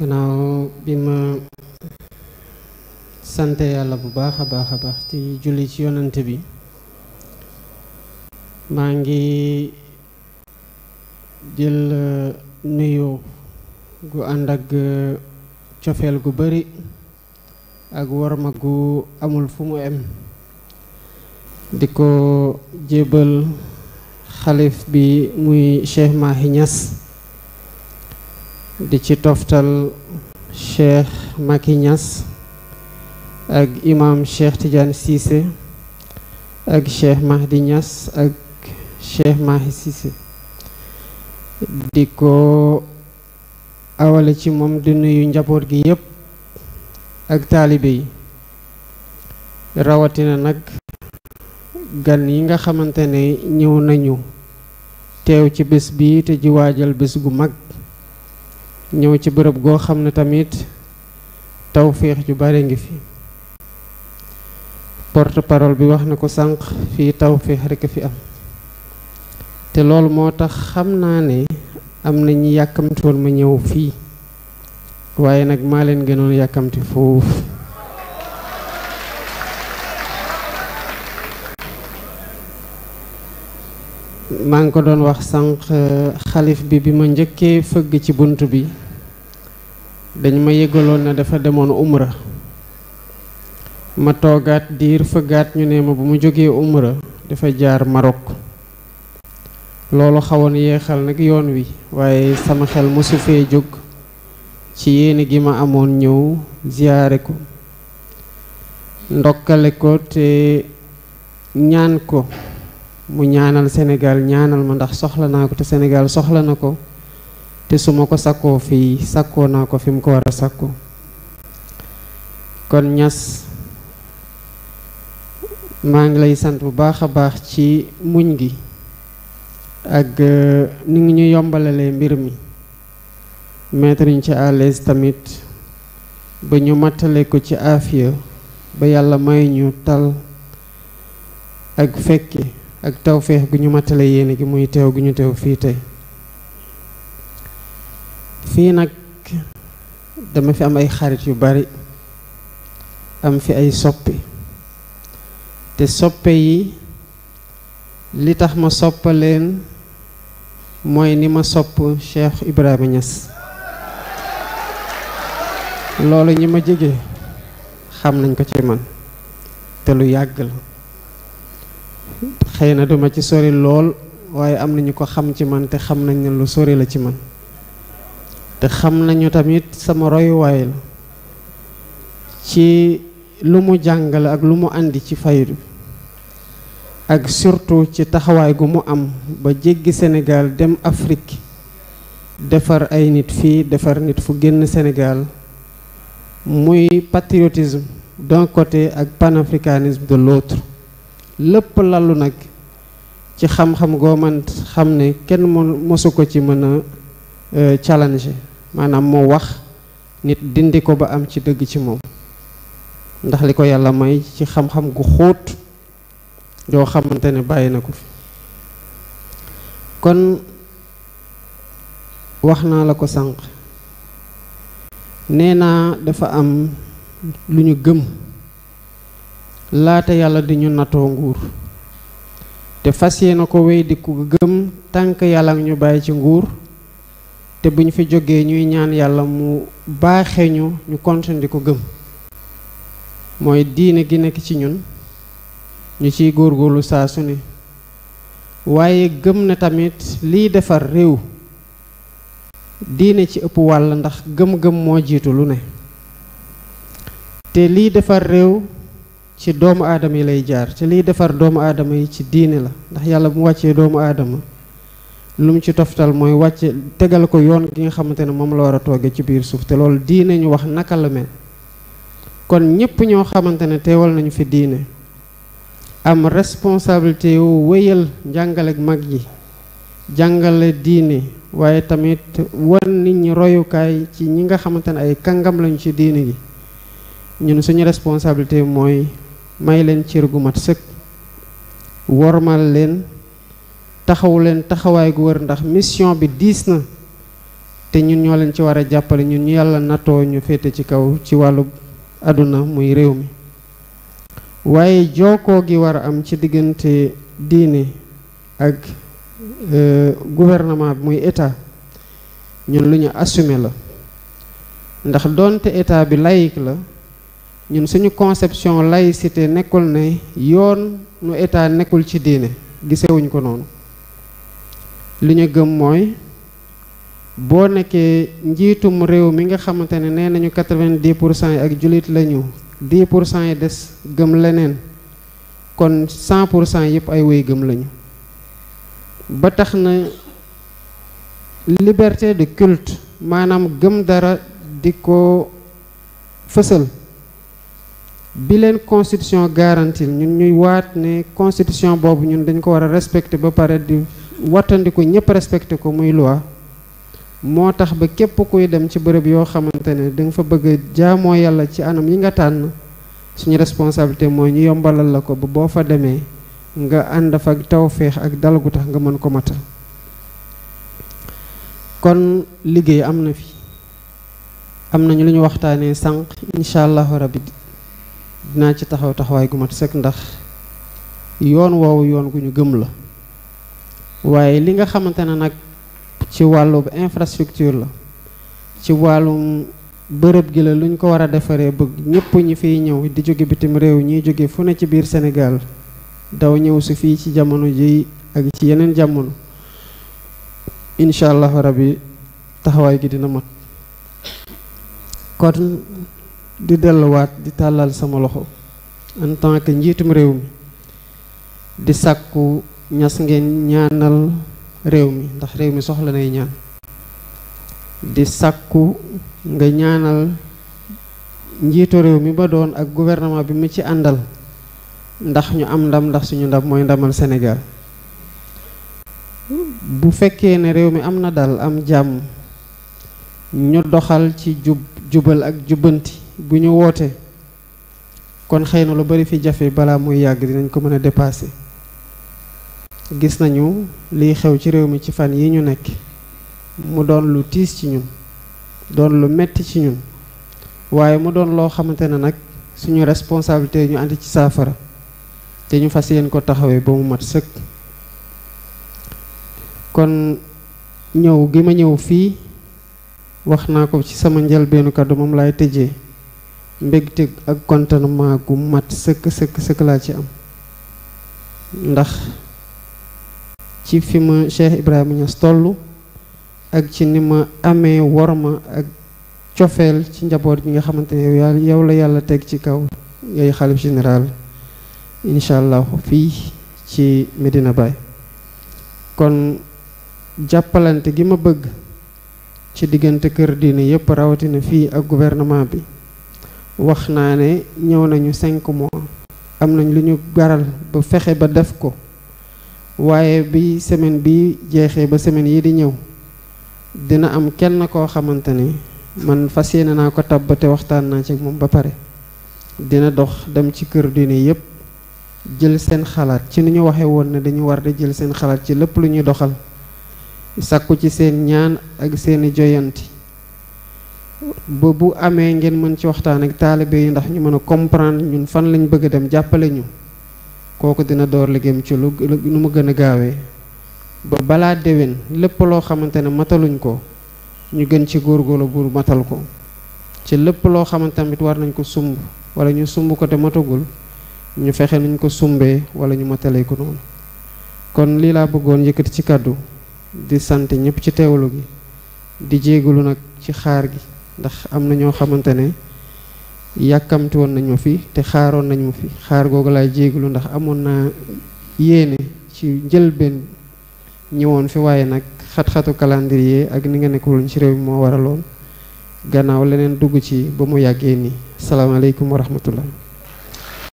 gannaaw bi ma sante yàlla bu baax a baax a baax ti julli ci yonent bi maa ngi jël uh, nuyu gu ànd ak uh, cofeel gu bari ak warma gu amul fu mu em di ko jébal xalif bi muy Cheikh Mahi Niass di ci toftal Cheikh Macky Niass ak imam Cheikh Tidiane Cissé ak Cheikh Mahdi Niass ak Cheikh Mahi Cissé di ko awale ci moom di njaboot gi yépp ak taalibe yi rawatina nag gan yi nga xamante ne ñëw nañu teew ci bés bi te ji waajal bés gu mag ñëw ci bërëb goo xam ne tamit tawféex ju bari ngi fi porte parole bi wax na ko sànq fii tawféex rekk fi am te loolu moo tax xam naa ne am na ñi yàkkamti ma ñëw fii waaye nag maa leen gënoon yàkkamti foofu maa ngi ko doon wax sànq euh, xalif bi bi ma njëkkee fëgg ci bunt bi dañ ma yëgaloon na dafa demoon umra ma toogaat diir fëggaat ñu ne ma bu mu jógee umra dafa jaar marok loolu xawoon yeexal nag yoon wi waaye sama xel mosu fee jóg ci yéene gi ma amoon ñëw ziyaare ko ndokkale ko te ñaan ko mu ñaanal Sénégal ñaanal ma ndax soxla naa ko te Sénégal soxla na ko te su ma ko sakkoo fii sakkoo naa ko fi mu ko war a kon ñas maa ngi lay sant bu baax a baax ci muñ gi ak euh, ni ngi ñu yombalalee mbir mi mettre ñu ci à tamit ba ñu mattale ko ci aafiya ba yàlla may ñu tal ak fekke ak tawféex gu ñu matale yéene gi muy teew gu ñu teew fii tey fii nag dama fi am ay xarit yu bari am fi ay soppe te soppe yi li tax ma leen mooy ni ma sopp Cheikh Ibrahima Niass loolu ñi ma jege xam nañ ko ci man te lu yàgg la xëy na duma ci sori lool waaye am ñu ko xam ci man te xam nañ lu sori la ci man te xam nañu tamit sama royuwaay la ci lu mu jàngale ak lu mu indi ci faydu ak surtout ci taxawaay gu mu am ba jéggi senegaal dem Afrique defar ay nit fii defar nit fu génn senegaal muy patriotisme d'un ak panafricanisme de l'autre lépp lalu nag ci xam-xam goo man xam ne kenn mosu ko ci mën a euh, challenge maanaam moo wax nit dindi ko ba am ci dëgg ci moom ndax li ko yàlla may ci xam-xam gu xóot yoo xamante ne bàyyi na ko fi kon wax naa la ko sànq nee naa dafa am lu ñu gëm laata yàlla di ñu natoo nguur te fas yéene ko wéy di ku gëm tànk yàlla ñu bàyyi ci nguur te bu ñu fi jógee ñuy ñaan yàlla mu baaxee ñu ñu continuer di ko gëm mooy diine gi nekk ci ñun ñu ciy góorgóorlu saa su ne waaye gëm na tamit liy defar réew diine ci ëpp wàll ndax gëm-gëm moo jiitu lu ne te liy defar réew ci doomu aadama yi lay jaar ci liy defar doomu aadama yi ci diine la ndax yàlla bu mu wàccee doomu aadama lu ci toftal mooy wàcce tegal ko yoon gi nga xamante ne moom la war a tooge ci biir suuf te loolu diine ñu wax naka la mel kon ñépp ñoo xamante ne teewal nañu fi diine am responsabilité wu wéyal njàngale mag yi jàngale diine waaye tamit war nit ñi royukaay ci ñi nga xamante ne ay kàngam lañu ci diine gi ñun suñu responsabilité mooy may leen cër gu mat sëkk wormal leen taxaw leen taxawaay gu wër ndax mission bi diis na te ñun ñoo leen ci war a jàppale ñun ñu yàlla natoo ñu féete ci kaw ci wàllu àdduna muy réew mi waaye jookoo gi war a am ci diggante diine ak euh, gouvernement bi muy état ñun lu ñu assumer la ndax doonte état bi laïque la ñun suñu conception laïcité nekkul ne yoon nu état nekkul ci diine gisewuñ ko noonu li ñu gëm mooy boo nekkee njiitum réew mi nga xamante ne nee nañu quatre vingt pour cent yi ak jullit lañu dix pour cent yi des gëm leneen kon cent pour cent yëpp ay woy gëm lañu ba tax na liberté de culte maanaam gëm dara di ko fësal bileen leen constitution garantie ñun ñuy waat ne constitution boobu ñun dañ ko war a respecté ba pare di wattandiku ñëpp respecté ko muy loi moo tax ba képp kuy dem ci bërëb yoo xamante ne da nga fa bëgg a jaamoo yàlla ci anam yi nga tànn suñu responsabilité mooy ñu yombalal la ko ba boo fa demee nga ànd fa ak tawféex ak dal gu tax nga mën ko matal kon liggéey am na fi am nañu lu ñu waxtaanee sànq incha allahu rabbi dinaa ci taxaw taxawaay gu mat sëkk ndax yoon woowu yoon gu ñu gëm la waaye li nga xamante ne nag ci wàllu infrastructure la ci wàllu bërëb gi la lu ñu ko war a defaree bëgg ñëpp ñi fiy ñëw di jóge bitim réew ñuy jóge fu ne ci biir senegal daw ñëw su fii ci jamono ji ak ci yeneen jamono incha allahu yi taxawaay gi dina mat kon di delluwaat di tàllal sama loxo en tant que njiitum réew mi di sàkku ñas ngeen ñaanal réew mi ndax réew mi soxla nay ñaan di sàkku nga ñaanal njiitu réew mi ba doon ak gouvernement bi mu ci àndal ndax ñu am ndam ndax suñu ndam mooy ndamal senegaal bu fekkee ne réew mi am na dal am jàmm ñu doxal ci jub jubal ak jubbanti bu ñu wootee kon xëy na lu bari fi jafe balaa muy yàgg dinañ ko mën a dépasser gis nañu liy xew ci réew mi ci fan yi ñu nekk mu doon lu tiis ci ñun doon lu metti ci ñun waaye mu doon loo xamante ne nag suñu responsabilité ñu ànd ci saafara te ñu fas yéen ko taxawee ba mu mat sëkk kon ñëw gi ma ñëw fii wax naa ko ci sama njëlbeenu kàddu moom laay tëjee mbégte ak contentement gu mat sëkk sëkk sëkk laa ci am ndax ci fima ma Cheikh Ibrahima Niass tollu ak ci ni ma amee worma ak cofeel ci njaboot gi nga xamante ne yow la yàlla teg ci kaw yay xalif général incha fii ci Medina Baye kon jàppalante gi ma bëgg ci diggante kër diine yépp rawatina fii ak gouvernement bi wax naa ne ñëw nañu cinq mois am nañ lu ñu garal ba fexe ba def ko waaye bi semaine bi jeexee ba semaine yi di ñëw dina am kenn koo xamante ne man fas yéene naa ko tabb te waxtaan naa ci moom ba pare dina dox dem ci kër diine yépp jël seen xalaat ci ni ñu waxee woon ne dañu war di jël seen xalaat ci lépp lu ñuy doxal sàkku ci seen ñaan ak seeni joyanti ba bu amee ngeen mën ci waxtaan ak taalibe yi ndax ñu mën a comprendre ñun fan lañ bëgg dem jàppale ñu kooku dina door liggéeyam ci lu nu ma gën gaawee ba balaa déwén lépp loo xamante ne mataluñ ko ñu gën ci góorgóorlu bu matal ko ci lépp loo xamante tamit war nañ ko sumb wala ñu sumb ko te matagul ñu fexe nuñ ko sumbee wala ñu matalee ko noonu kon lii laa bëggoon yëkkati ci kàddu di sant ñëpp ci teewlu gi di jéegalu nag ci xaar gi ndax am na ñoo xamante ne yàkkamti woon nañ ma fi te xaaroon nañ ma fi xaar googu laay jéeglu ndax amoon naa yéene ci njëlbeen ñëwoon fi waaye nag xat-xatu calendrier ak ni nga nekkul ci réew mi moo waraloon gannaaw leneen dugg ci ba mu yàggee nii salaamaaleykum wa rahmatullah